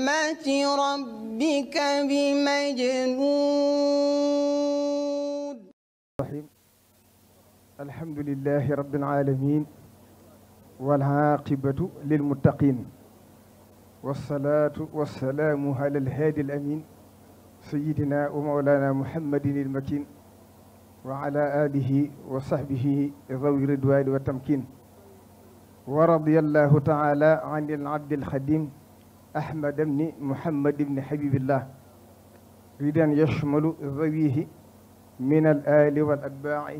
رحمة ربك بمجنون الحمد لله رب العالمين والعاقبة للمتقين والصلاة والسلام على الهادي الأمين سيدنا ومولانا محمد المكين وعلى آله وصحبه ذوي الرضوان والتمكين ورضي الله تعالى عن العبد الخديم أحمد بن محمد بن حبيب الله إذا يشمل ذويه من الآل والأتباع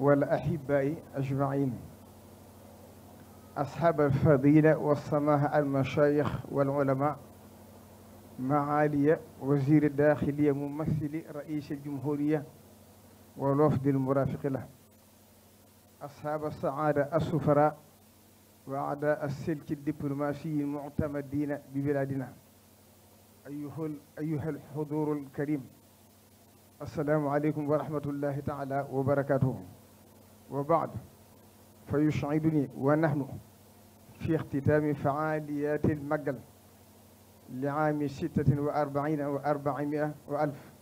والأحباء أجمعين أصحاب الفضيلة والسماحة المشايخ والعلماء معالي وزير الداخلية ممثل رئيس الجمهورية والوفد المرافق له أصحاب السعادة السفراء وأعداء السلك الدبلوماسي المعتمدين ببلادنا أيها أيها الحضور الكريم السلام عليكم ورحمة الله تعالى وبركاته وبعد فيسعدني ونحن في اختتام فعاليات المجل لعام ستة وأربعين وأربعمائة وألف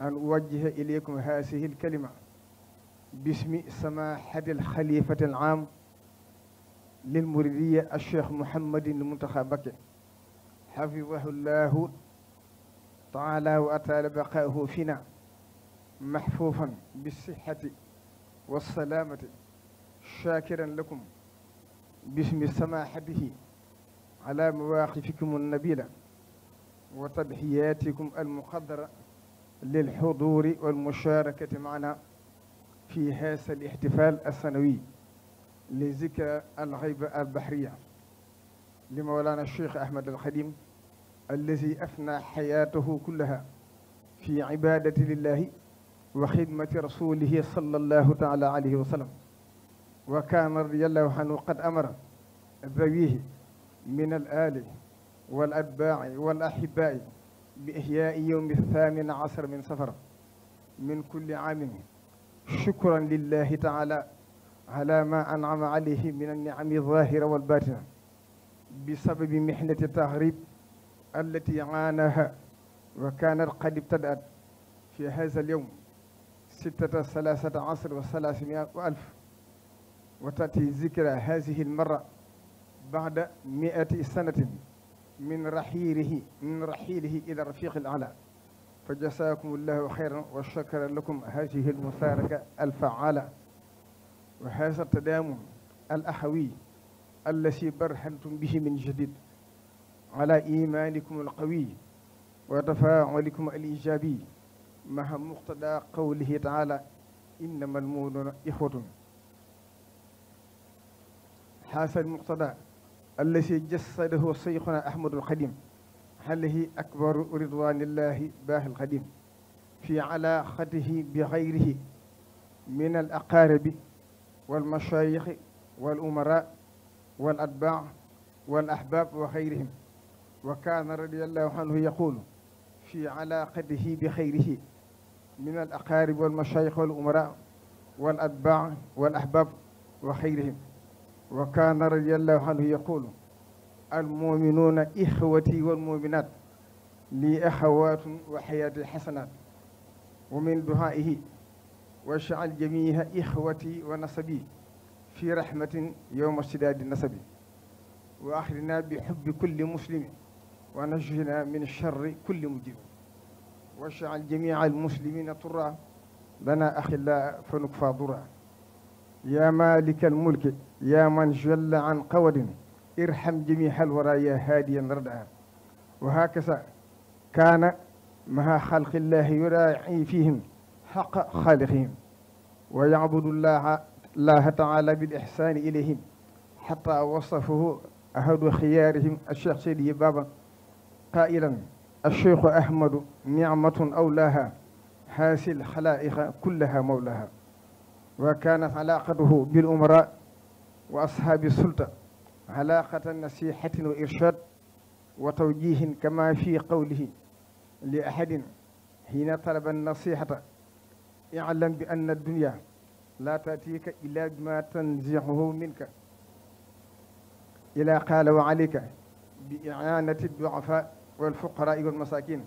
أن أوجه إليكم هذه الكلمة باسم سماحة الخليفة العام lil muridiya al cheikh muhammadin muntaxa bakke xafidahu llahu taala wa ataala baqaahu fina maxfuufan bisixati wassalaamati shaakiran lakum bismi samaaxatihi ala mawaaqifikum annabila wa tadxiyaatikum almuqadara lilxuduri walmusharakati maana fi haasa alixtifaal assanawi لذكرى الغيبة البحرية لمولانا الشيخ أحمد الخليم الذي أفنى حياته كلها في عبادة لله وخدمة رسوله صلى الله تعالى عليه وسلم وكان رضي الله عنه قد أمر ذويه من الآل والأتباع والأحباء بإحياء يوم الثامن عشر من سفر من كل عام شكرا لله تعالى ala ma an'ama alayhi min an-ni'ami adh-dhahira wal-batina bisababi mihnati at-tahrib allati 'aanaha wa kaanat qad ibtada'at fi hadha al-yawm sittata thalathata 'ashara wa thalathmi'a wa alf wa ta'ti dhikra hadhihi al-marra ba'da mi'ati sanatin min rahiilihi min rahiilihi ila rafiq al-a'la fa jasaakum allahu khayran wa shakara lakum hadhihi al-musharaka al-fa'ala وهذا التداوم الأحوي الذي برهنتم به من جديد على إيمانكم القوي وتفاعلكم الإيجابي مع مقتضى قوله تعالى إنما المؤمنون إخوة هذا المقتضى الذي جسده شيخنا أحمد القديم عليه أكبر رضوان الله باه القديم في علاقته بغيره من الأقارب والمشايخ والأمراء والأتباع والأحباب وخيرهم وكان رضي الله عنه يقول في علاقته بخيره من الأقارب والمشايخ والأمراء والأتباع والأحباب وخيرهم وكان رضي الله عنه يقول المؤمنون إخوتي والمؤمنات لي أخوات وحياتي حسنات ومن دعائه واجعل جميع إخوتي ونسبي في رحمة يوم اشتداد النسب وأحرنا بحب كل مسلم ونجنا من شر كل مجرم واجعل جميع المسلمين طرا لنا أخلاء فنكفى ضرا يا مالك الملك يا من جل عن قود ارحم جميع الورى يا هاديا ردعا وهكذا كان مع خلق الله يراعي فيهم xaqa xaaliqihim wa yabudu llaha llaha taala bil ixsaani ilayhim xata wasafahu ahadu xiyaarihim acheikh seydi baba qailan acheikhu ahmadu nicmatun awlaha haasi lxalaiqa kullaha mawlaha wa kanat alaqatuhu bil umara wa ashaabi sulta alaqata nasihatin wa irshad wa tawjihin kama fi qawlihi li ahadin xiina talaba nasihata i'lam bi anna dunya laa taatiika illa bima tanzihuhu minka ila qaala wa alayka bi i'anati du'afa wal fuqara'i wal masakin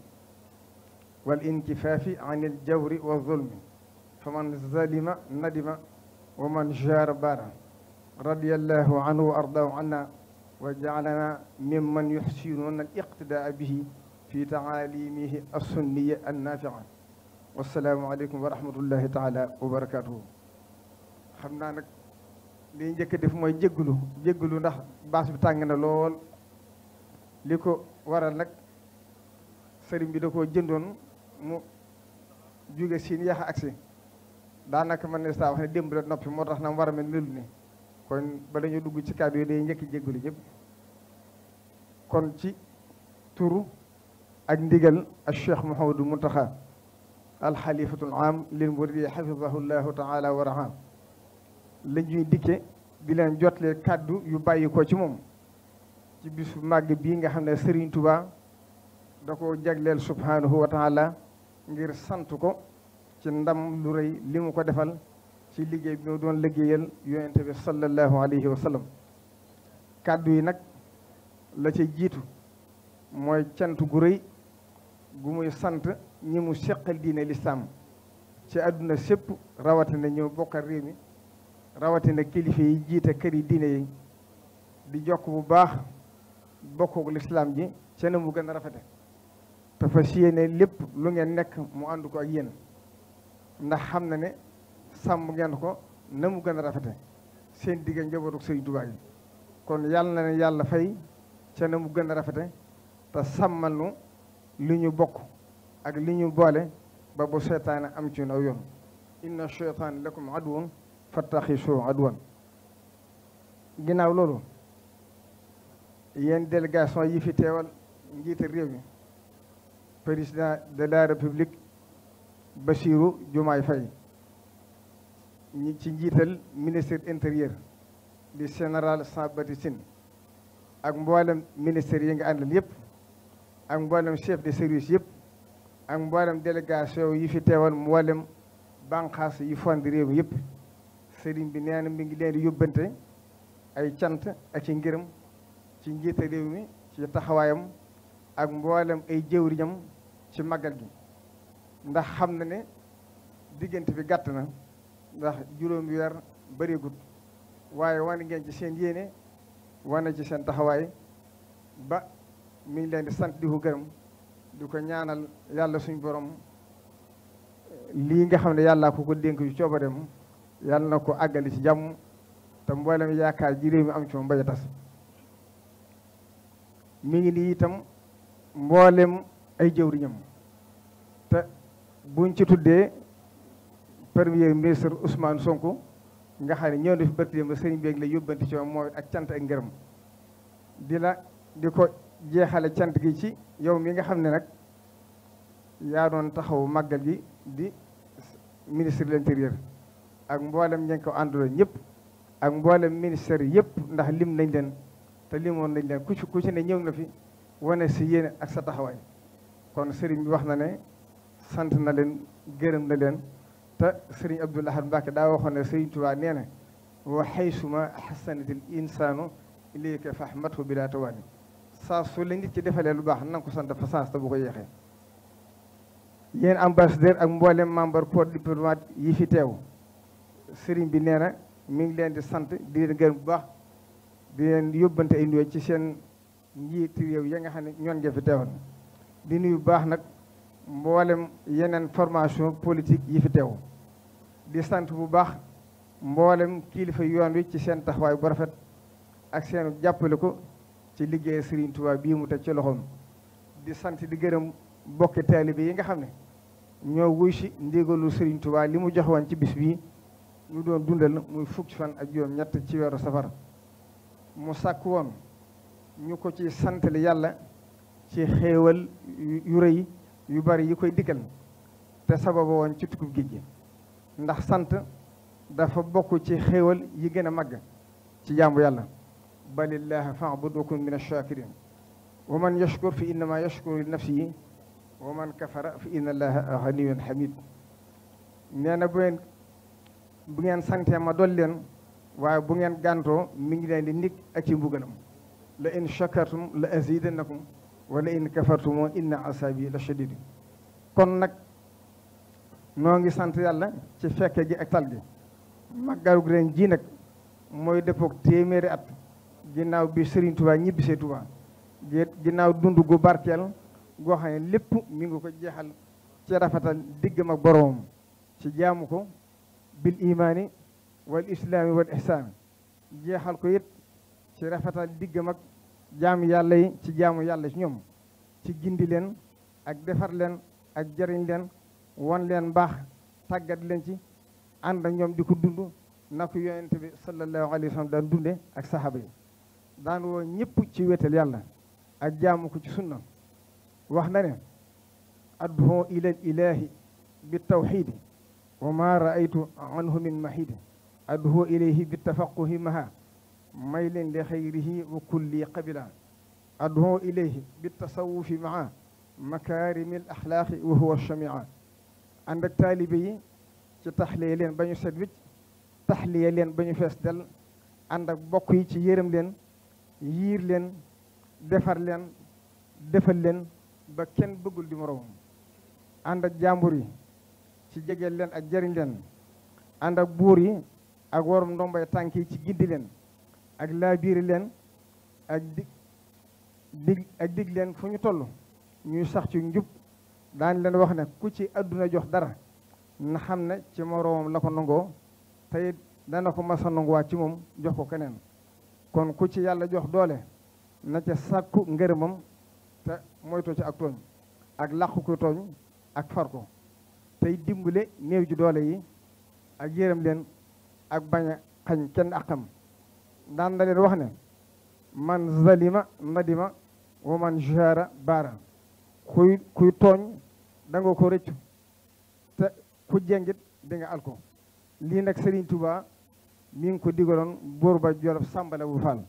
wal inkifaafi an al jawri wa zulmi faman zalima nadima wa man jaara baara radiyallahu anhu wa ardaahu anna wa ja'alana mimman yuhsinuuna al iqtidaa bihi fi taalimihi as-sunniya an-naafi'a wasalaamualeykum wa rahmatullahi taala wa barakaatuhu xam naa nag li njëkk def mooy jéggulu jéggulu ndax baas bi tàng na lool li ko waral nag sëriñ bi da koo jëndoon mu jóge siin yaxa agsi daanaka ma ne saa wax ne démb la noppi moo tax na mu war a mel melu ni kon ba dañoo dugg ci kàddu yi day njëkk jéggulu ñëpp kon ci turu ak ndigal ak Cheikh Mouhamadou Mountakha alxalifatul am lil muridi xafidahu llahu taala wa raham la ñuy dikke di leen jotle kàddu yu bàyyi ko ci moom ci bisu màgg bii nga xam ne sëriñ Touba da ko jagleel subhanahu wa ngir sant ko ci ndam lu rëy li mu ko defal ci liggéey bi mu doon liggéeyal yonente bi sallallahu alayhi wa sallam kàddu yi nag la ci jiitu mooy cant gu rëy gu muy sant ñi mu seqal diine lislaam ci àdduna sépp rawatina ñi mu bokkal réew mi rawatina kilifa yi jiite kër yi diine yi di jokk bu baax bokkook lislaam ji seen mu gën a rafete te fas yéene lépp lu ngeen nekk mu ànd ak yéen ndax xam na ne sàmm ngeen ko na mu gën a rafete seen digga njabootu sëñ Tuubaa kon yàlla ne yàlla fay seen mu gën a rafete te sàmmal nu lu ñu bokk ak li ñu boole ba bu seytaane am ci naw yoon inna seytaan lakum aduwun fattaxisu aduwan ginnaaw loolu yéen délégation yi fi teewal njiital réew mi président de la république Bassirou Diomaye fay ñi ci njiital ministre intérieur di sénéral Jean-Baptiste ak mboolem ministère yi nga àndal yëpp ak mboolem chef de service yëpp ak mboolem délégation yi fi teewal mboolem banqaas yi fond réew mi yëpp sëriñ bi nee na mi ngi leen di yóbbante ay cant ak ci ngërëm ci njiite réew mi ci taxawaayam ak mboolem ay jëwriñam ci magal gi ndax xam na ne diggante bi gàtt na ndax juróomi weer bëreegut waaye wane ngeen ci seen yéene wane ci seen taxawaay ba mi ngi leen sant di ko gërëm du ko ñaanal yàlla suñ borom lii nga xam ne yàlla ko ko dénk yu coobareem yàlla na ko àggali ci jàmm te mboolem yaakaar ji réew mi am ci moom bañ a mi ngi nii itam mboolem ay jëwriñam te buñ ci tuddee premier ministre Ousmane Sonko nga xam ne ñëw na fi bërti dem ba sëriñ bi la yóbbanti ci mooy ak cant ak ngërëm di la ko jeexale cant gi ci yow mii nga xam ne nag yaa doon taxaw màggal yi di ministre de l'intérieur ak mboolem ña ko àndaloon ñëpp ak mboolem ministère yëpp ndax lim nañ leen te limoon nañ leen ku ci ne ñëw na fi wane si yéen ak sa taxawaay kon sëriñ bi wax na ne sant na leen gërëm na leen te sëriñ Abdou Lahad Mbacké daa waxoon ne sëriñ Tuubaa nee na wa xaysuma xasanatil insaanu ilayka fahmatu bi laa tawaani saa su la nit ci defalee lu baax nanga ko sant fa saas te bu ko yéexee yéen ambassadeur ak mboolem membre corps diplomate yi fi teew sëriñ bi nee na mi ngi leen di sant di leen gërëm bu baax di leen yóbbante ay nuyoo ci seen njiitu réew ya nga xam ne ñoon nga fi teewoon di nuyu baax nag mboolem yeneen formation politique yi fi teew di sant bu baax mboolem kilifa yoon wi ci seen taxawaay bu rafet ak seen jàppale ko ci liggéey Serigne Touba bii mu teg ci loxoom di sant di gërëm bokki taalibe yi nga xam ne ñoo wuy si ndigalu Serigne Touba li mu joxe woon ci bis bii ñu doon dundal muy fukki fan ak juróom ñett ci weeru safara mu sàkk woon ñu ko ci santale yàlla ci xéewal yu rëy yu bari yi koy diggal te sababa woon ci tukkub géej gi ndax sant dafa bokk ci xéewal yi gën a màgg ci jaamu yàlla bal illaha fa'bud wa min ash-shakirin wa man yashkur fa innama yashkuru li nafsihi wa man kafara fa inna allaha ghaniyyun hamid nee na bu ngeen sante ma dol leen waaye bu ngeen gàntoo mi ngi leen di ndig ak ci mbugalam la in shakartum la azidannakum wala in kafartum inna asabi la shadid kon nag noo ngi sant yàlla ci fekke gi ak tal gi màggalu ren ji nag mooy dëppook téeméeri at ginnaaw bi Serigne Touba ñibbisee Touba ginnaaw dund gu barkeel goo xam lépp mu ngi ko jeexal ci rafetal diggam ak boroom ci jaamu ko bil imaani wal islaami wal ihsaani jeexal ko it ci rafetal diggam ak jaamu yàlla yi ci jaamu yàlla ci ñoom ci gindi leen ak defar leen ak jariñ leen won leen mbaax tàggat leen ci ànd ak ñoom di ko dund na ko yonente bi sallallahu alayhi wa sallam daan dunde ak saxaaba yi daan woo ñëpp ci wetal yàlla ak jaamu ko ci sunna wax na ne addu ila ilahi bi tawxidi wa ma raaytu anhu min mahidi addu bi tafaquhi maha maylin li xayrihi wa kulli qabila addu ilayhi bi tasawufi maa makarimi al axlaaqi wa huwa chamia ànd ak taalibe ci taxliye leen ba ñu set wicc taxliye leen ba fees del ànd ak bokk yi ci yërëm leen yiir leen defar leen defal leen ba kenn bëggul di moroomam ànd ak jàmbur yi ci jege leen ak jariñ leen ànd ak buur yi ak warum ndombay tànk yi ci gindi leen ak laabiiri leen ak dig dig ak dig leen fu ñu toll ñuy sax ci njub daan leen wax ne ku ci àdduna jox dara na xam ne ci moroomam la ko nangoo teyit dana ko masa nanguwaat ci moom jox ko keneen kon ku ci yàlla jox doole na ca sàkku ngërëmam te moytu ci ak tooñ ak làqu ko tooñ ak far ko tey dimbale néew ji doole yi ak yërëm leen ak bañ a xañ kenn akam daan na leen wax ne man zalima nadima wa man jara baara kuy kuy tooñ da ko rëccu te ku jengit di nga al lii nag Serigne Touba mi ngi ko digaloon buur ba jolof sàmbale bu faal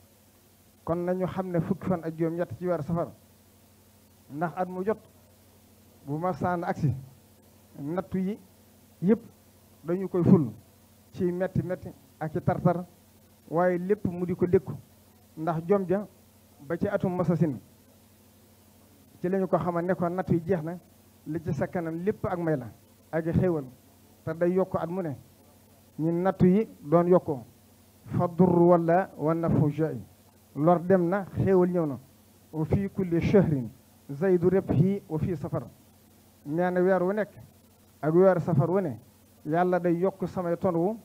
kon nañu xam ne fukki fan ak juróom ñett ci weer safar ndax at mu jot bu ma saan agsi nattu yi yëpp dañu koy ful ci metti metti ak ci tartar waaye lépp mu di ko dékku ndax jom ja ba ci atum masasin ci lañu ko xama nekkoon natt yi jeex na li ci sa kanam lépp ak may la ak xéewal te day yokk at mu ne ñi natt yi doon yokkoo fa dur wala wa nafu jai lor dem na xéewal ñëw na wa fii kulli chahrin zaydu ribhi wa fi safar nee na weer wu nekk ak weer safar wu ne yàlla day yokk samay ton wu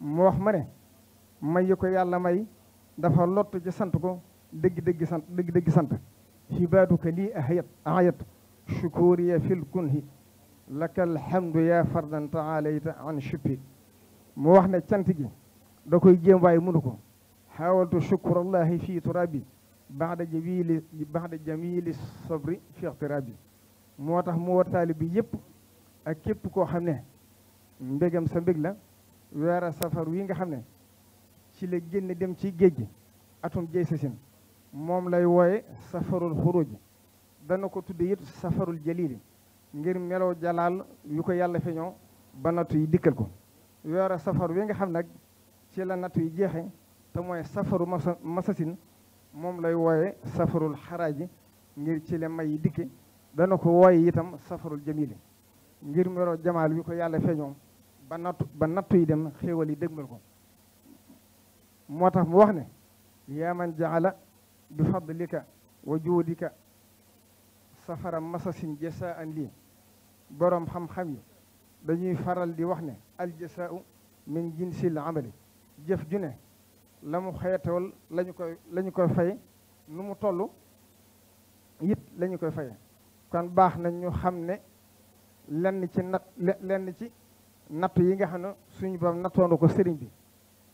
mu wax ma ne may yi ko yàlla may dafa lott ci sant ko dégg dëgg sant dëgg dëgg sant xibaaduka lii ahayat ahayat shukuriya fil kunhi laka alhamdu yaa fardan taalayta an shibhi mu wax ne cant gi da koy jéem waaye mënu ko xawaltu shukurallahi fii turabi baxda jamili baxda jamili sabri fi ixtirabi moo tax mu war taali bi yëpp ak képp koo xam ne mbégam sa mbég la weera safar wi nga xam ne ci la génn dem ci géej gi atum sa sasin moom lay wooye safarul xuruj dana ko tudd it safarul jalili ngir meloo jalaal yu ko yàlla feeñoo ba yi dikkal ko weeru safar wi nga xam nag ci la natt yi jeexe te mooy safaru masa masasin moom lay wooye safarul yi ngir ci la may yi dikke dana ko wooye itam safarul jamili ngir meroo jamaal wi ko yàlla feeñoo ba nattu ba nattu yi dem xéewal yi dëgmal ko moo tax mu wax ne yaa man jaala bi fadlika wa juudika safara masasin jasaan lii boroom xam-xam yi dañuy faral di wax ne aljasaau min jinsil amali jëf ju ne la mu xeetewal lañu koy la koy fay nu mu toll it lañu koy fay kon baax na ñu xam ne lenn ci nat lenn ci natt yi nga xam ne suñu bam nattoonu ko sëriñ bi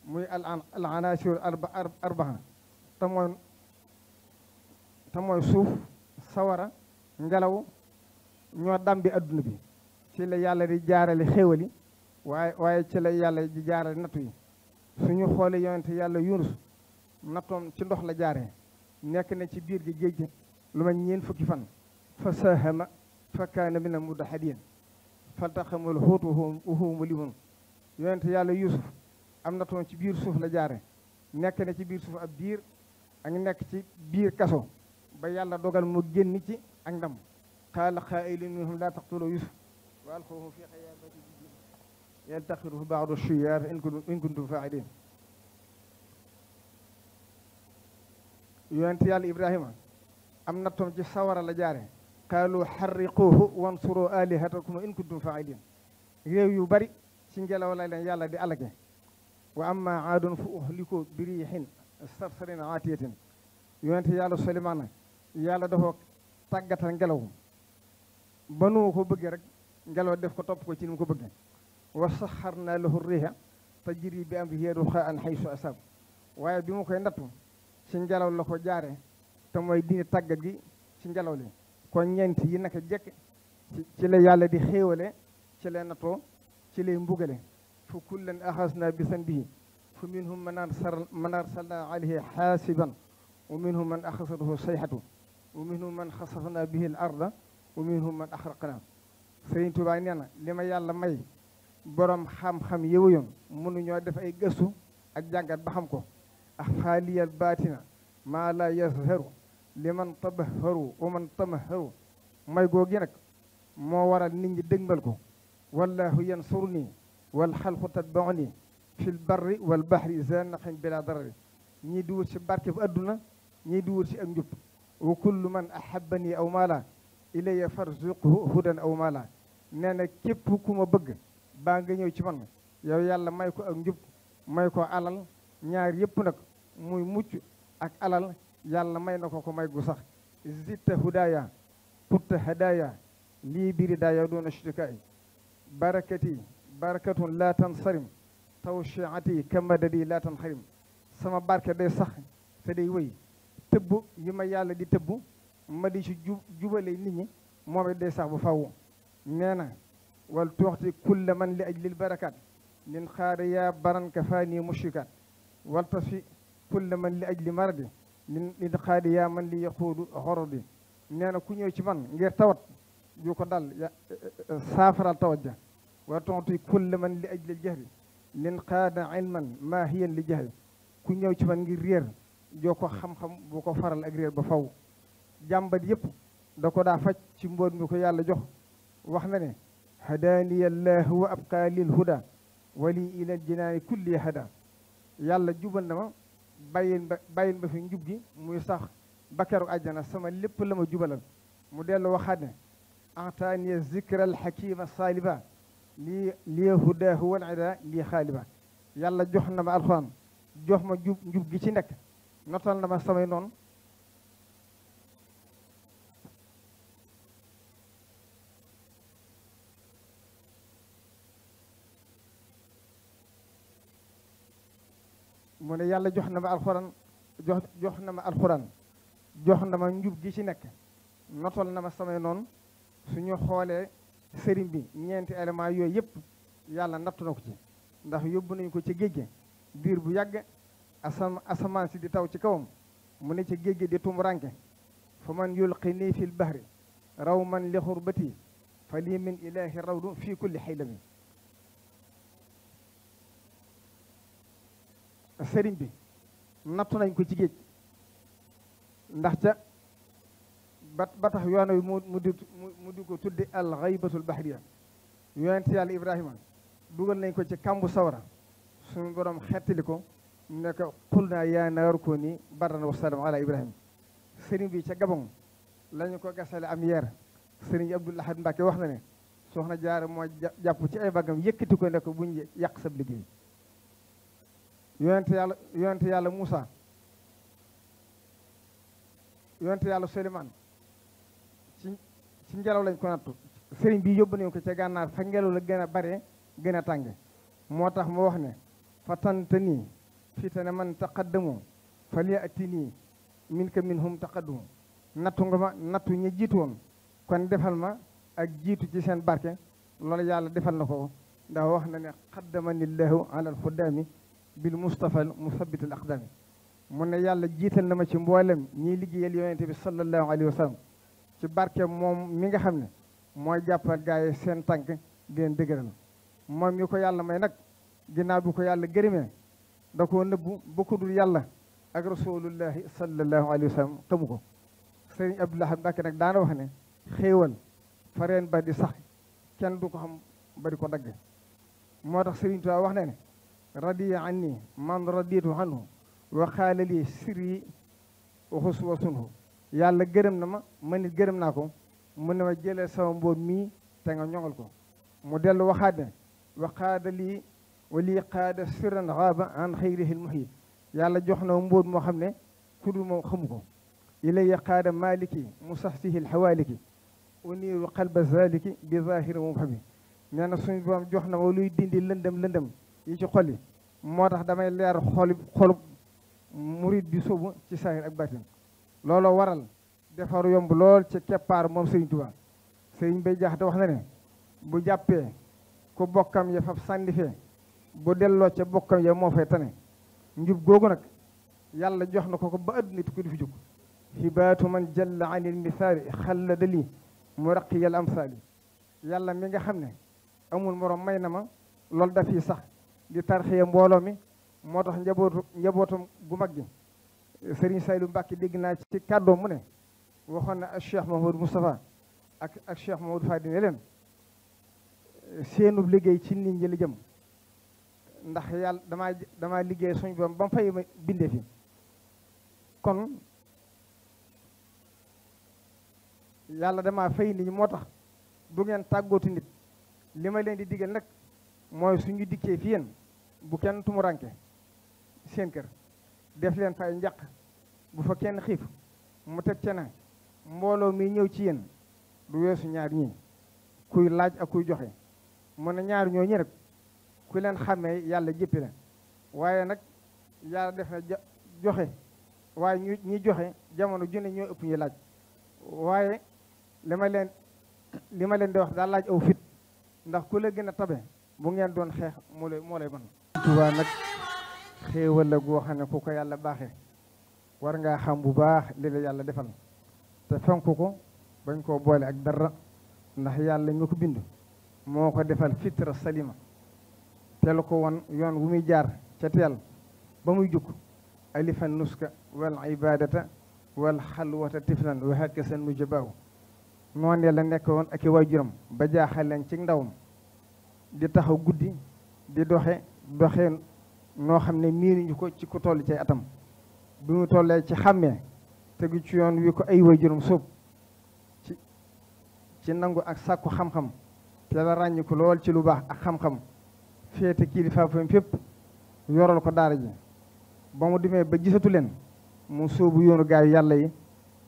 muy al anasir arba arbaha te mooy te mooy suuf sawara ngelaw ñoo dàmbi adduna bi ci la yàlla di jaarale xéwal yi waaye waaye ci la yàlla di jaarale nattu yi suñu xoolee yonente yàlla yunus nattoom ci ndox la jaare nekk na ci biir gi géej gi lu ma ñeen fukki fan fa sahama fa kaana mina mudahadiin faltaxamul xuut wa huwa mulimun yonente yàlla yusuf am nattoom ci biir suuf la jaare nekk na ci biir suuf ab biir ak nekk ci biir kaso ba yàlla dogal mu génn ci ak ndam qaala qaa'ilun minhum laa taqtuluu yusuf wa alxuuhu fi xayaabati yaltaxiruhu baadu shiyaar in kuntum faa'iliin yonent yàlla ibrahima am nattoom ci sawara la jaare qaalu xarriquuhu wansuru alihatakum in kuntum faa'iliin réew yu bari ci ngelaw la leen yàlla di alage wa amma aadun fa uhliku bi riixin sarsarin aatiyatin yonent yàlla Suleymaan yàlla dafa tàggatal ngelaw ba nu ko ngelaw def ko topp ko ci ni mu ko bëgge wa saxarna lahu riha tajri bi amrihi ruxaan xaysu asab waaye bi mu koy nattu ci ngelaw la ko jaare te mooy dini tàggat gi ci ngelaw li kon ñeent yi naka jekk ci la yàlla di xéewale ci lay nattoo ci lay mbugale fu kullan axasna bi sanbihi fu minhum man arsalna alayhi xaasiban wa minhum man axasatuhu sayxatu wa minhum man xasafna bihi arda wa minhum man axraqna sëriñ Tuubaa nee na li ma yàlla may borom xam-xam yëwuyoon mënuñoo def ay gëstu ak jàngat ba xam ko ak xaaliyal baatina maa la yazharu li man tabaharu wa man tamaharu may goo gi nag moo waral nit ñi dëgmal ko wallahu yansuru nii wal xalqu tatbau nii fil barri wal bahri zanaqin bila darari ñii di wut ci barke bu adduna ñii di wut ci ak njub wa kullu man ahabani aw maala ilayya farzuqhu hudan aw maala nee na képp ku ma bëgg baa nga ñëw ci man yow yàlla may ko ak njub may ko alal ñaar yëpp nag muy mucc ak alal yàlla may na ko ko may gu sax zitta hudaya putta hadaya lii biri daya doona shirika yi barakati barakatun laa tansarim tawshiati kamadadi laa tanxarim sama barke day sax te day wéy tëbb yi ma yàlla di tëbb ma di ci jubale nit ñi moom it day sax bu fàwwu nee na wal tuxti kulla man li ajli lbarakat min xaariya baran ka faani mushrikat wal tasfi kulla man li ajli maradi min min xaariya man li yaquudu xorodi nee na ku ñëw ci man ngir tawat ju ko dal eh, eh, saafaral tawat ja wal tuxti kulla man li ajli ljahri min xaada ilman maa li jahri ku ñëw ci man ngir réer joo ko xam-xam bu ko faral ak réer ba faw jàmbat yëpp da ko daa faj ci mbóot mi ko yàlla jox wax na ne hadaniya allahu wa abqa lil wali ilal jinaani kulli hada yàlla jubal na ma bàyyil ma fi njub gi muy sax bakaru àjjana sama lépp la ma jubalal mu dellu waxaat ne ataaniya zikra alxakima saaliba lii lii hudaahu wal ida lii xaaliba yàlla jox na ma alxuraan jox ma njub njub gi ci nekk notal na ma samay noon mu ne yàlla jox na ma alxuraan jox jox na ma alxuraan jox na ma njub gi ci nekk notal na ma samay noonu suñu xoolee sëriñ bi ñeenti élément yooyu yëpp yàlla nattu na ko ci ndax yóbbu nañ ko ci géej gi diir bu yàgg asam asamaan si di taw ci kawam mu ne ci géej gi di tumuranke fa man yulqi nii fil bahri raw man li xurbati fa lii min ilaahi rawdu fii kulli bi sëriñ bi nattu nañ ko ci géej ndax ca ba batax tax yoon mu mu di mu di ko tudde al xaybatul bahriya yonent yàlla ibrahima dugal nañ ko ci kàmbu sawara suñu borom xettali ko ne ko xul naa yaa naaru koo ni barran wa salaam ala ibrahima sëriñ bi ca gabon lañu ko gasale am yeer sëriñ abdul ahad mbàkke wax na ne na jaar moo jàpp ci ay baggam yëkkati ko ne ko buñ yàq sab liggéey yonent yàlla yonent yàlla Moussa yonent yàlla Souleymane ci ci ngelaw lañ ko nattu sëriñ bi yóbbu nañu ko ca gànnaar fa ngelaw la gën a bare gën a tànge moo tax mu wax ne fa tant nii fii te ne man taqaddamu fa lii atti nii min ka min hum taqaddamu nattu nga ma nattu ñi jiitu woon kon defal ma ak jiitu ci seen barke loolu yàlla defal na ko ndax wax na ne xaddamani llahu alal fuddaami bil mustafa al musabbit al aqdami mu ne yàlla jiital na ma ci mboolem ñiy liggéeyal yonente bi sallallahu alayhi wa sallam ci barke moom mi nga xam ne mooy jàppal gaa seen tànk di leen dëgëral moom mi ko yàlla may nag ginnaaw bi ko yàlla gërëmee da koo nëbbu ba ku yàlla ak rasulullahi sallallahu alayhi wa sallam xamu ko sëriñ abdoulaham Mbàkke nag daana wax ne xéewal fareen ba di sax kenn du ko xam ba di ko dagg moo tax sëriñ Tuubaa wax ne ne radiya anni man raditu anhu wa xaala lii sirri wa xuswa sunhu yàlla gërëm na ma man it gërëm naa ko mu ne ma jëlee sama mboot mii te nga ñoŋal ko mu dellu waxaat ne wa xaada lii wa lii xaada sirran xaaba an xayrihi lmuhit yàlla jox na mboot moo xam ne ku dul moom xamu ko ilaya xaada maliki mu sax sihi lxawaaliki uniiru xalba zaliki bi zahiri wa mubhami nee na suñu jox na ma luy dindi lëndëm lëndëm yi ci xol yi moo tax damay leer xolub xolub murit bi sóobu ci sahir ak batin looloo waral defar yomb lool ci keppaar moom sëriñ Tuubaa sëriñ bay jaax te wax na ne bu jàppee ku bokkam ya fab sànni fee bu delloo ca bokkam ya moo fay tane njub googu nag yàlla jox na ko ko ba àdduna tukki du fi jóg hibaatu man jalla anil misaali xalla dali mu raqi yal yàlla mi nga xam ne amul moroom may na ma loolu dafiy sax di tarxiya mbooloo mi moo tax njabootu njabootam gu mag gi Serigne Saylou Mbacke dégg naa ci kàddoo mu ne waxoon na ak Cheikh Mahamadou Moustapha ak ak Cheikh Mahamadou Fadi ne leen seenub liggéey ci nit ñi la jëm ndax yàlla damaa liggéey suñu borom ba mu fay bindee fi kon yàlla damaa fay nit ñi moo tax du ngeen tàggootu nit li ma leen di digal nag mooy suñu dikkee fi yéen bu kenn tumuranke seen kër def leen fay njaq bu fa kenn xiif mu teg ca na mbooloo mi ñëw ci yéen du weesu ñaar ñi kuy laaj ak kuy joxe mu ne ñaar ñoo ñi rek ku leen xàmmee yàlla jéppi la waaye nag yàlla def na joxe waaye ñu ñi joxe jamono junne ñoo ëpp ñu laaj waaye li ma leen li ma leen di wax daal laaj aw fit ndax ku la gën a tabe bu ngeen doon xeex moo lay moo lay ban Tuubaa nag xéewal la goo ku ko yàlla baaxee war ngaa xam bu baax li yàlla defal te fonk ko bañ koo boole ak dara ndax yàlla ñu ko bind moo ko defal fitra salima teel ko won yoon wu muy jaar ca teel ba muy jukk alifan nuska wal ibadata wal xalwata tiflan wa hakkasan mujabaaw noonu la nekk woon ak i waajuram ba jaaxal leen ci ndawam di taxaw guddi di doxe doxe noo xam ne miiruñu ko ci ku toll ci atam bi mu tollee ci xàmmee tegu ci yoon wi ko ay waajuram sóob ci ci nangu ak sàkku xam-xam te la ràññiku lool ci lu baax ak xam-xam féete kilifaafam fépp yoral ko daara ji ba mu demee ba gisatu leen mu sóobu yoonu gaayu yàlla yi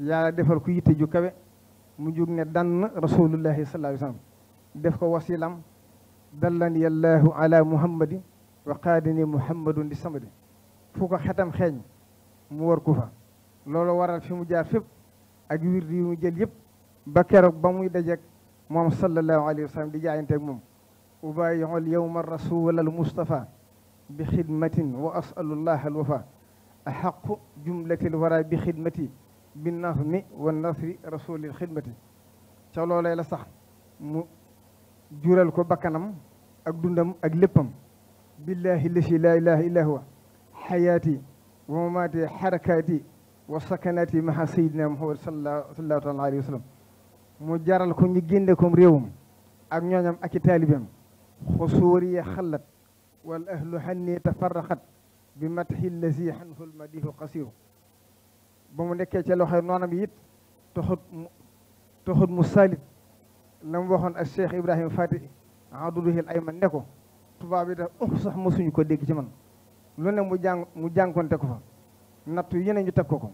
yàlla defal ko yitte ju kawe mu jóg ne dann rasulullahi sallallahu alayhi wasallam def ko wasilam dallani allahu ala muhammadin wa qaadani muhammadun di samadi fu ko xetam xeeñ mu war ku fa loolu waral fi mu jaar fépp ak wirdi yu mu jël yëpp ba keroog ba muy dajeek moom sallallahu alayhi wa sallam di jaayanteeg moom ubayiul yowma rasul al mustafa bi xidmatin wa asalullah al wafa axaqu jumlatil wara bi xidmati bi nafmi wa nasri rasulil xidmati ca loolee la sax jural ko bakkanam ak dundam ak léppam billahi lasi laa ilaha illa huwa xayaati wa mamaati xarakaati wa sakanaati maha sayidina muhammad sallallahu taala alayhi wa sallam mu jaral ko ñu génne koom réewam ak ñooñam ak i taalibeem xusuuriya xallat wal ahlu xanni tafarraxat bi matxi lasi xanful madihu qasiru ba mu nekkee ca loxoy noonam it taxut mu mu salit la mu waxoon ak Cheikh Ibrahima Fati aduduhil ay man ne tubaab yi daf um sax mosuñu ko dégg ci man lu ne mu jàng mu jànkonte ko fa nattu yeneen ñu teg ko ko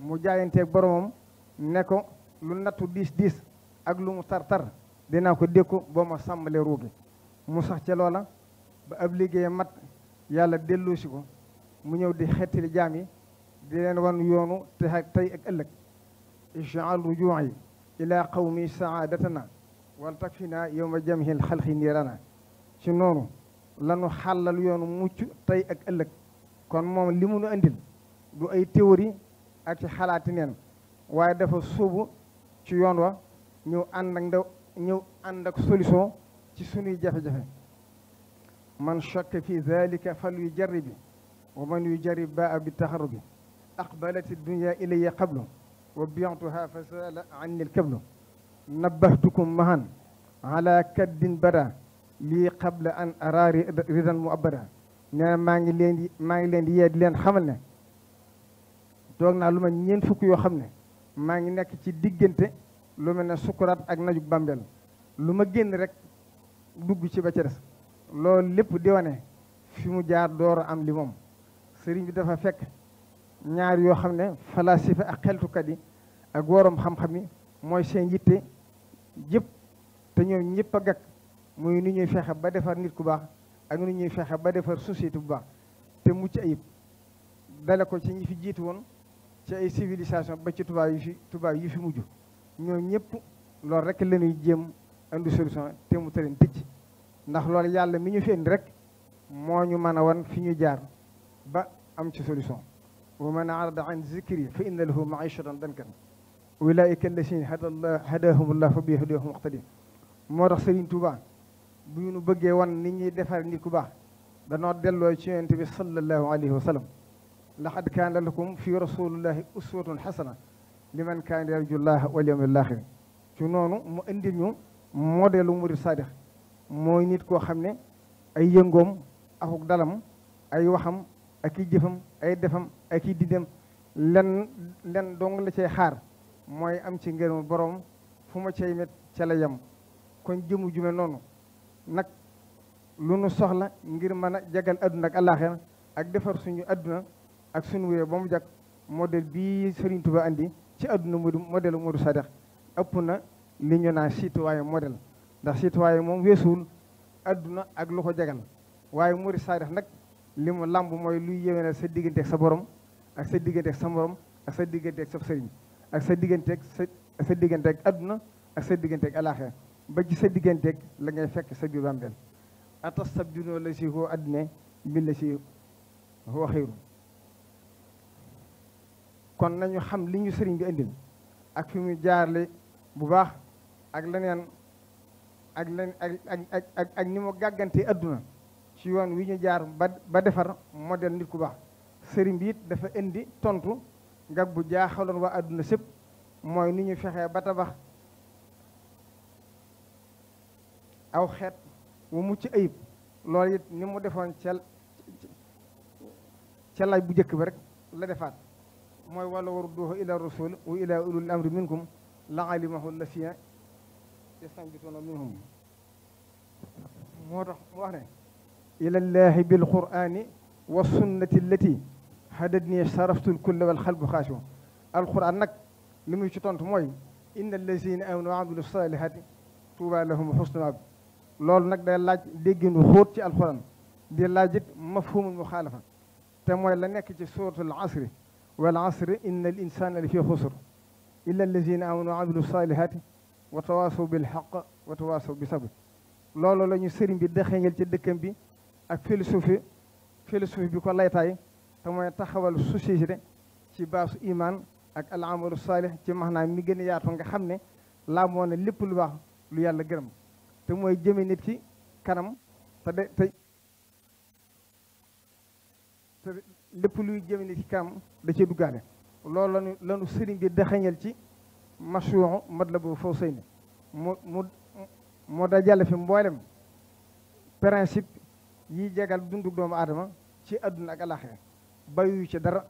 mu jaayanteeg boromam ne ko lu nattu diis diis ak lu mu tar tar dinaa ko dékku boo ma sàmmalee ruugi mu sax ca loola ba ab liggéey mat yàlla delloosi ko mu ñëw di xettali jaam yi di leen wan yoonu te tey ak ëllëg ijaal rujuu'i ilaa qawmi saadatana wal tak fi naa yow ma jamhil xalxi niirana ci noonu lanu xàllal yoonu mucc tey ak ëllëg kon moom li mu nu andil du ay théorie ak ci xalaati neen waaye dafa suubu ci yoon wa ñëw ànd ak ndaw solution ci sunuy jafe-jafe man shakka fi zalika fal yu jarri bi wa man yu jarib ba a bi taxaru bi aqbalati dunia ilaya qablu wa biyantuha fa sala anni l kablu nabbahtukum mahan ala kaddin bada lii qabla an ara ridan mu abada nee maa ngi leen maa ngi leen di yee di leen xamal ne toog naa lu ma ñeent fukk yoo xam ne maa ngi nekk ci diggante lu mel ne sukuraat ak najug bàmbeel lu ma génn rek dugg ci ba ca loolu lépp di wane fi mu jaar door am li moom sëriñ bi dafa fekk ñaar yoo xam ne falasifa ak xeltukat yi ak worom xam-xam yi mooy seen yitte yëpp te ñoom ñëpp a gàkk muy nu ñuy fexe ba defar nit ku baax ak nu ñuy fexe ba defar société bu baax te mucc ayib dale ko ci ñi fi jiitu woon ci ay civilisation ba ci tubaab yi fi tubaab yu fi mujj ñoom ñëpp loolu rek la ñuy jéem indi solution te mu tëleen tëj ndax lool yàlla mi ñu fi indi rek moo ñu mën a wan fi ñu jaar ba am ci solution wa man arada an zikri fa inna lahu maishatan dankan ulaayika allazina hadahumullah fa bi hudahum muqtadin moo tax Serigne Touba bu ñu nu bëggee wan nit ñuy defar nit ku baax danoo delloo ci yonent bi sallallahu alayhi wa sallam laqad kaana lakum fi rasulillahi uswatun xasana liman kaana yarju llaha wal yawmal ci noonu mu indi ñu modèle murid saadix mooy nit koo xam ne ay yëngoom akuk dalam ay waxam ak i jëfam ay defam ak i didem len len dong la cay xaar mooy am ci ngërëmu borom fu ma cay met ca la yem kon jëmu jume noonu nag lu nu soxla ngir mën a jagal adduna ak àllaaxira ak defar suñu àdduna ak suñu wéyee ba mu jag modèle bii Serigne Touba andi ci adduna mu modèle Modou Sadikh ëpp na li ñu naan citoyen modèle ndax citoyen moom weesuwul adduna ak lu ko jagal waaye Modou Sadikh nag li mu làmb mooy luy yéwénal sa diggante ak sa borom ak sa diggante ak sa morom ak sa diggante ak sa sëriñ ak sa digganteeg sa digganteek digganteeg adduna ak sa digganteeg alaaxira ba ci sa digganteeg la ngay fekk sa biir bàmbeel atastabdiluna lazi huwa adnaa billazi ci xayru kon nañu xam li ñu sëriñ bi indil ak fi mu jaarle bu baax ak leneen ak len ak ak ak ak ni mu gàggantee adduna ci yoon wi ñu jaar ba defar modèle nit ku baax sëriñ bi it dafa indi tontu ngag bu jaaxaloon waa àdduna sépp mooy ni ñu fexee ba tabax aw xeet wu mucc ayib lool it ni mu defoon ca ca bu njëkk bi rek la defaat mooy wala warudduhu ila rasul wa ila ulul amri minkum la alimahu lasina yastanbituuna minhum moo tax mu wax ne ila llahi bil qurani wa sunnati allati hadadni saraftul kulla wal xalbu xaasio alquran nag li muy ci tontu mooy inna allazina amanu wa amilu salihati tuuba lahum xusnu maab loolu nag day laaj dégginu xóot ci alquran di laaj it mafhumul muxaalafa te mooy la nekk ci suratul asri wal asri inna al insana la fi xusr illa allazina amanu wa amilu salihati wa tawaasaw bil xaq wa tawaasaw bi sabr loolu la ñu sëriñ bi dëxeñal ci dëkkam bi ak philosophie philosophie bi ko laytaay te mooy taxawal société ci baasu imaan ak al amalu saalih ci maanaam mi gën a yaatu nga xam ne laa moo ne lépp lu baax lu yàlla gërëm te mooy jëme nit ki kanam te de te lépp luy jëme nit ki kanam da cee duggaale loolu lanu lanu sëriñ bi daxañal ci mashruuxu Matlabul Fawzayni mu mu moo dajale fi mboolem principe yi jegal dundu doomu aadama ci àdduna ak alaxira bayu ci dara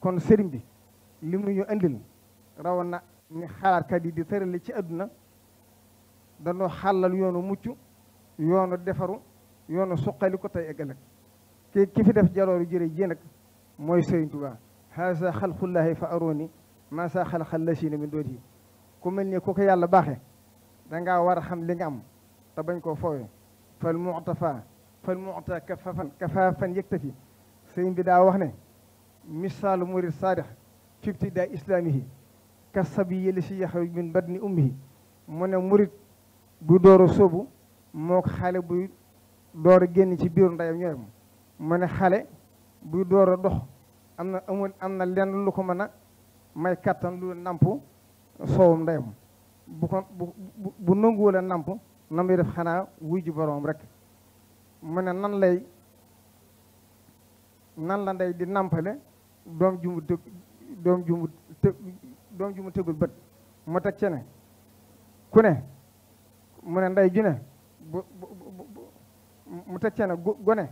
kon sëriñ bi li mu ñu raw na ñu xalaatkat yi di tërale ci àdduna dañoo xàllal yoonu mucc yoonu defaru yoonu suqali ko tey ëggalëg ki ki fi def jalooru jëre ji nag mooy sëriñ Tuubaa haasa xalqullaahi fa arooni maa saa xalqal lasiina min doot yi ku mel ni ku ko yàlla baaxe danga war xam li nga am te bañ koo foowe fal mu'tafa fal mu'ta kafaafan kafaafan sëriñ bi daa wax ne misaalu murid saadix fi ibtidaa islaamihi ka sabi yëli si yaxruj min badni ummihi mu ne murid bu door soobu sóobu moo ko xale buy door a génn ci biiru ndeyam ñooyam mu ne xale buy door dox am na amul am na lenn lu ko mën a may kattan lu namp soowum ndeyam bu ko bu bu nanguwul a namp na muy def xanaa wuy ji boroom rek mu ne nan lay nan la ndey di nàmpale doom ju mu tëg doom ju mu tëg doom ju bët mu teg ci ne ku ne mu ne ndey ju ne bu mu teg ci ne gone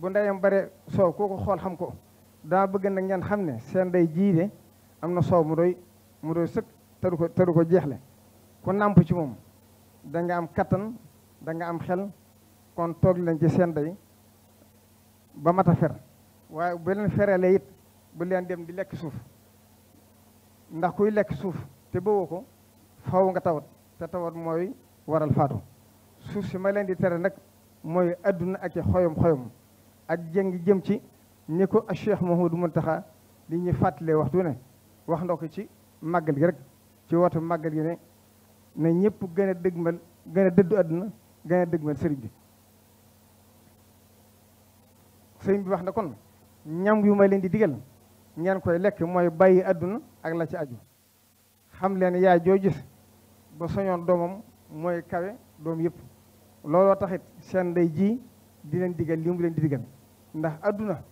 bu ndeyam bare soow kooku xool xam ko daa bëgg nag ngeen xam ne seen ndey jii am na soow mu doy mu doy sëkk tëru ko tëru ko jeexle ku nàmp ci moom danga am kattan da nga am xel kon toog leen ci seen ndey ba mat a fer waaye bu leen ferale leen dem di lekk suuf ndax kuy lekk suuf te bëwoo ko faw nga tawat te tawat mooy waral faatu suuf si ma leen di tere nag mooy àdduna ak xoyom xoyom ak jëngi jëm ci ni ko du Mouhamadou taxa li ñuy fàttalee waxtu ne wax na ko ci màggal gi rek ci woote màggal gi ne ne ñëpp gën a dëgmal gën dëddu adduna gën dëgmal sëriñ bi sëriñ bi wax na kon ñam yu ma leen di digal ngeen koy lekk mooy bàyyi àdduna ak la ci aju xam leen yaay joo gis ba soñoon doomam mooy kawe doom yëpp looloo taxit seen day ji di leen digal li mu leen di digal ndax àdduna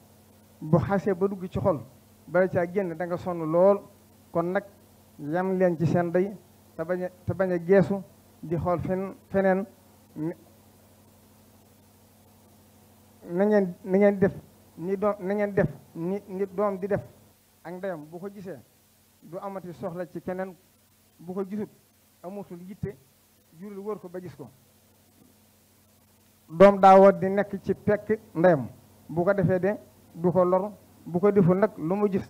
bu xasee ba dugg ci xol bala caa génn danga sonn lool kon nag yam leen ci seen ndey te bañ a te bañ geesu di xool fen feneen na ngeen na ngeen def ni doom na ngeen def ni ni doom di def ak ndeyam bu ko gisee du amati soxla ci keneen bu ko gisut amatul yitte jurul wër ko ba gis ko doom daa war di nekk ci pekk ndeyam bu ko defee de du ko lor bu ko deful nag lu mu gis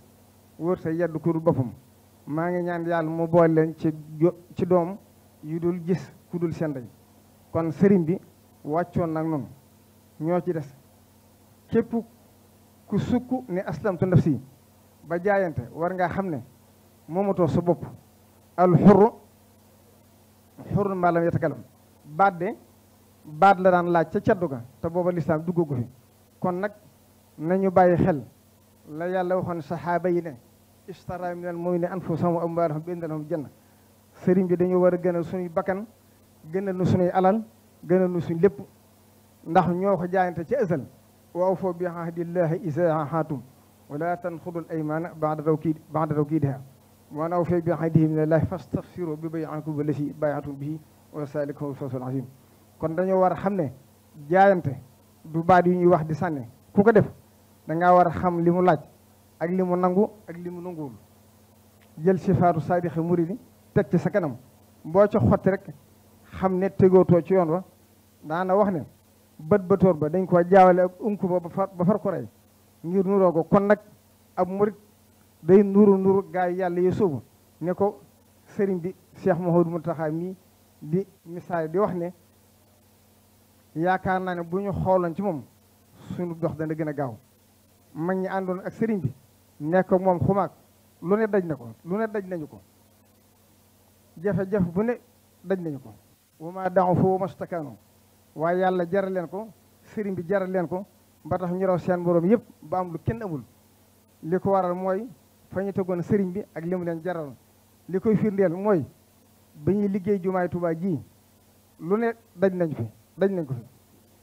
wër sa yedd ku dul boppam maa ngi ñaan yàlla mu boole leen ci doom yu dul gis ku dul seen ndey kon sëriñ bi wàccoon nag noonu ñoo ci des képp ku sukk ne aslamtu nafsi ba jaayante war ngaa xam ne moomatoo sa bopp al xurru xurru maa lam yatakalam baat de baat la daan laaj ca caddu ga te booba lislaam duggagu fi kon nag nañu bàyyi xel la yàlla waxoon saxaaba yi ne istara minal mu'minina anfusahum wa amwaalahum bi anna lahumul janna sëriñ bi dañu war a gënal suñuy bakkan gënal nu suñuy alal gënal nu suñ lépp ndax ñoo ko jaayante ca ësal waaw awfoo bi ahdillahi izaa ahadtum wa laa tanqudul aymaana ba'da tawkiid ba'da tawkiidihaa wa man awfaa bi ahdihi minallaahi fastafsiruu bi bay'ikum allazii baaya'tum bihi wa zaalika huwa al-fawzul aziim kon dañoo war a xam ne jaayante du baat yu ñuy wax di sànne ku ko def da war a xam li mu laaj ak li mu nangu ak li mu nanguwul jël sifaatu saadixi muridi teg ci sa kanam boo ca xotti rek xam ne tegootoo ci yoon wa daana wax ne bët bëtoor ba dañ koo jaawale ak unku ba ba far ko rey ngir nuroo ko kon nag ab murit day nuru nuru gaa yi yàlla yi sóobu ne ko sëriñ bi Cheikh Mouhamadou Mountakha mii di misaal di wax ne yaakaar naa ne bu ñu xooloon ci moom suñu dox dana gën a gaaw mag ñi àndoon ak sëriñ bi nekk moom xumaag lu ne daj na ko lu daj nañu ko jafe-jafe bu ne daj nañu ko wa ma da'ufu wa ma stakaanu waaye yàlla jaral leen ko sëriñ bi jaral leen ko ba tax ñu raw seen moroom yëpp ba am lu kenn amul li ko waral mooy fa ñu tegoon sëriñ bi ak li mu leen jaral li koy firndeel mooy ba ñuy liggéey jumaay Tuubaa ji lu ne dañ nañ fi dañ nañ ko fi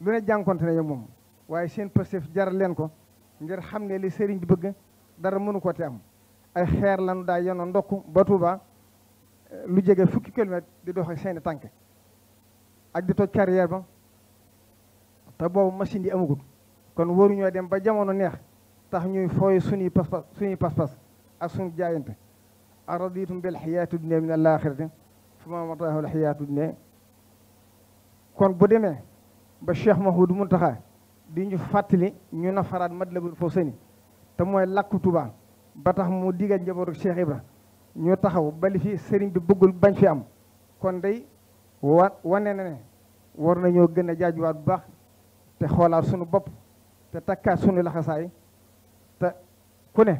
lu ne jànkonte ne moom waaye seen pëstef jaral leen ko ngir xam ne li sëriñ bi bëgg dara mënu ko te am ay xeer lanu daa yeno ndokk ba Tuubaa lu jege fukki kilomètre di doxe seeni tànk ak di toj carrière ba te boobu machine yi amagul kon waruñoo dem ba jamono neex tax ñuy fooy suñuy pas-pas suñuy pas-pas ak suñu jaayante araditum bil xayaatu dunya min al axirati fa ma mataahu kon bu demee ba Cheikh Mahmoud Muntaxa di ñu fàttali ñu nafaraat Matlabul Fawzayni te mooy làkku Tuubaa ba tax mu digal njabootu Cheikh Ibra ñu taxaw balifi fi sëriñ bi bëggul bañ fi am kon day wa wane na ne war nañoo gën a jaajuwaat bu baax te xoolaat sunu bopp te takkaat sunu laxasaay te ku ne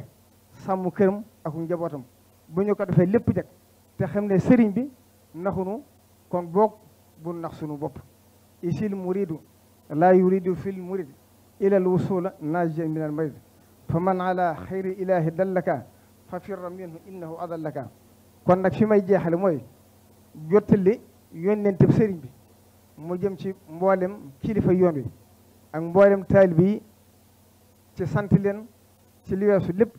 sàmm këram ak njabootam bu ñu ko defee lépp jag te xam ne sëriñ bi naxunu kon boog bu nax sunu bopp isil muridu laa yuridu fil murid ilal wusula naajia min al marid fa man ala xayri ilahi dallaka fa firra minhu innahu adallaka kon nag fi may jeexal mooy jottali yónnenteb sëriñ bi mu jëm ci mboolem kilifa yoon wi ak mboolem taalibe yi ci sant leen ci li weesu lépp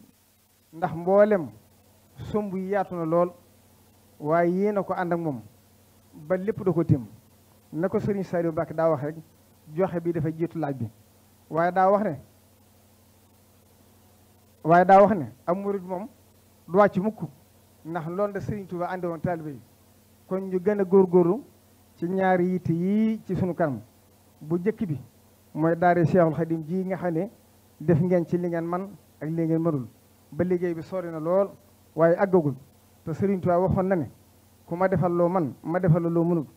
ndax mboolem somb yi yaatu na lool waaye yéen a ko ànd moom ba lépp da ko tim na ko sëriñ Saliou Mbacke daa wax rek joxe bi dafay jiitu laaj bi waaye daa wax ne waaye daa wax ne am murid moom du wàcc mukk ndax loolu da sëriñ Touba àndi woon taalibe yi kon ñu gën a góorgóorlu ci ñaari yitte yii ci sunu kanam bu jëkk bi mooy daari Seexul Xadim ji nga xam ne def ngeen ci li ngeen man ak li ngeen mënul ba liggéey bi sori na lool waaye àggagul te Sëriñ Tuubaa waxoon na ne ku ma defal loo man ma defal loo mënut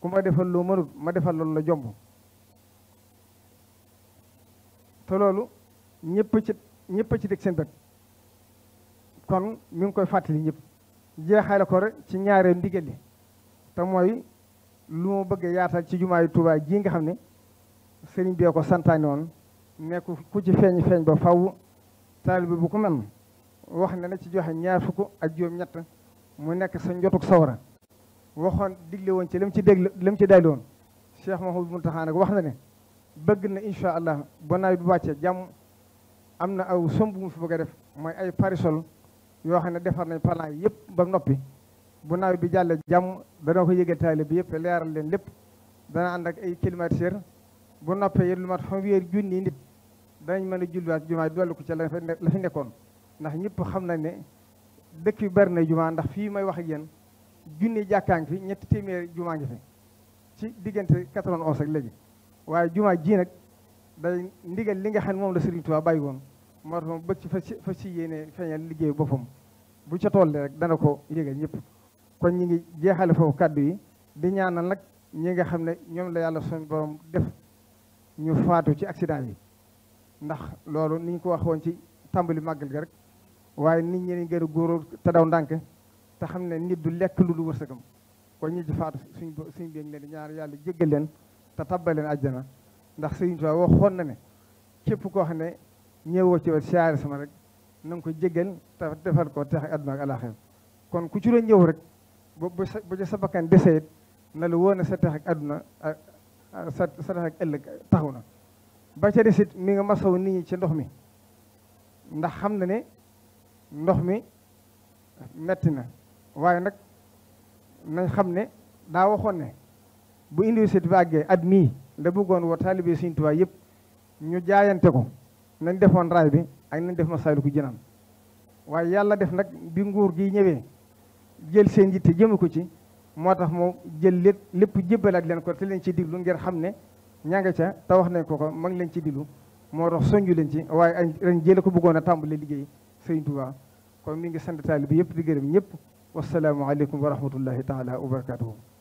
ku ma defal loo mënut ma defal loolu la jomb te loolu ñëpp ci ñëpp ci teg seen bët kon mi ngi koy fàttali ñëpp jeexale ko rek ci ñaaree ndigal li te mooy lu mu bëgg yaatal ci jumaa yu Tuubaa ji nga xam ne sëriñ bi ko santaane woon nekk ku ci feeñ feeñ ba faw taalibe bu ko man wax ne na ci joxe ñaar fukk ak juróom-ñett mu nekk sa njotug sawara waxoon digle woon ci lam ci déglu lam ci daylu woon Cheikh Mouhamadou mu nag wax na ne bëgg na incha allah ba nawet bu wàccee jàmm am na aw somb mu fi bëgg a def mooy ay parisol yoo xam ne defar nañ plan yëpp ba noppi bu nawet bi jàllee jàmm dana ko yëgal taalibe bi yëpp leeral leen lépp dana ànd ak ay climatiseur bu noppee lu mat xam wéer junni nit danañ mën a julliwaat jumaa dolli ko ca la fi nekkoon ndax ñëpp xam nañ ne dëkk yi bari na jumaa ndax fii may wax ak yéen junni jàkkaa ngi fi ñetti téeméer jumaa ngi fi ci diggante 91 ak léegi waaye jumaa ji nag day ndigal li nga xam ne moom la Serigne Touba bàyyi woon moo tax moom bëgg ci fa si fa si yéene feeñal liggéey boppam bu ca tollee rek dana ko yégal ñëpp kon ñi ngi jeexale foofu kàddu yi di ñaan na nag ñi nga xam ne ñoom la yàlla suñu borom def ñu faatu ci accident yi ndax loolu niñ ko waxoon ci tàmbali màggal ga rek waaye nit ñi gën a góor te daw ndànk te xam ne nit du lekk lu du wërsëgam kon ñi ci faatu suñ suñ beeg leen ñaar yàlla jéggal leen te tabbal leen àjjana ndax Sëriñ Tuubaa na ne képp koo xam ne ñëwoo ci wàllu siyaare sama rek na ko jéggal te defal ko teex àdduna ak alaaxira kon ku ci doon ñëw rek ba ba sa ba ca sa bakkan desee na la wóor ne sa teex ak àdduna sa sa def ak ëllëg taxaw na ba ca desit mi nga masaw nit ñi ci ndox mi ndax xam na ne ndox mi metti na waaye nag nañ xam ne daa waxoon ne bu université bi àggee at nii la bëggoon woo taalibe Sëriñ Tuubaa yëpp ñu jaayante ko nañ defoon raay bi ak nañ def Masaalikul Jinaan waaye yàlla def nag bi nguur gi ñëwee jël seen yitte jëme ko ci moo tax mu jël lépp lépp jébbalaat leen ko te leen ci diglu ngeen xam ne ña nga ca te nañ ko ko ma ngi leen ci diglu moo tax soñju leen ci waaye añ ren jële ko bëggoon a tàmbale liggéey Sëriñ Tuubaa kon mi ngi sant taalibe bi yëpp di gërëm ñëpp wasalaamualeykum wa rahmatullahi taala wa barakatuhu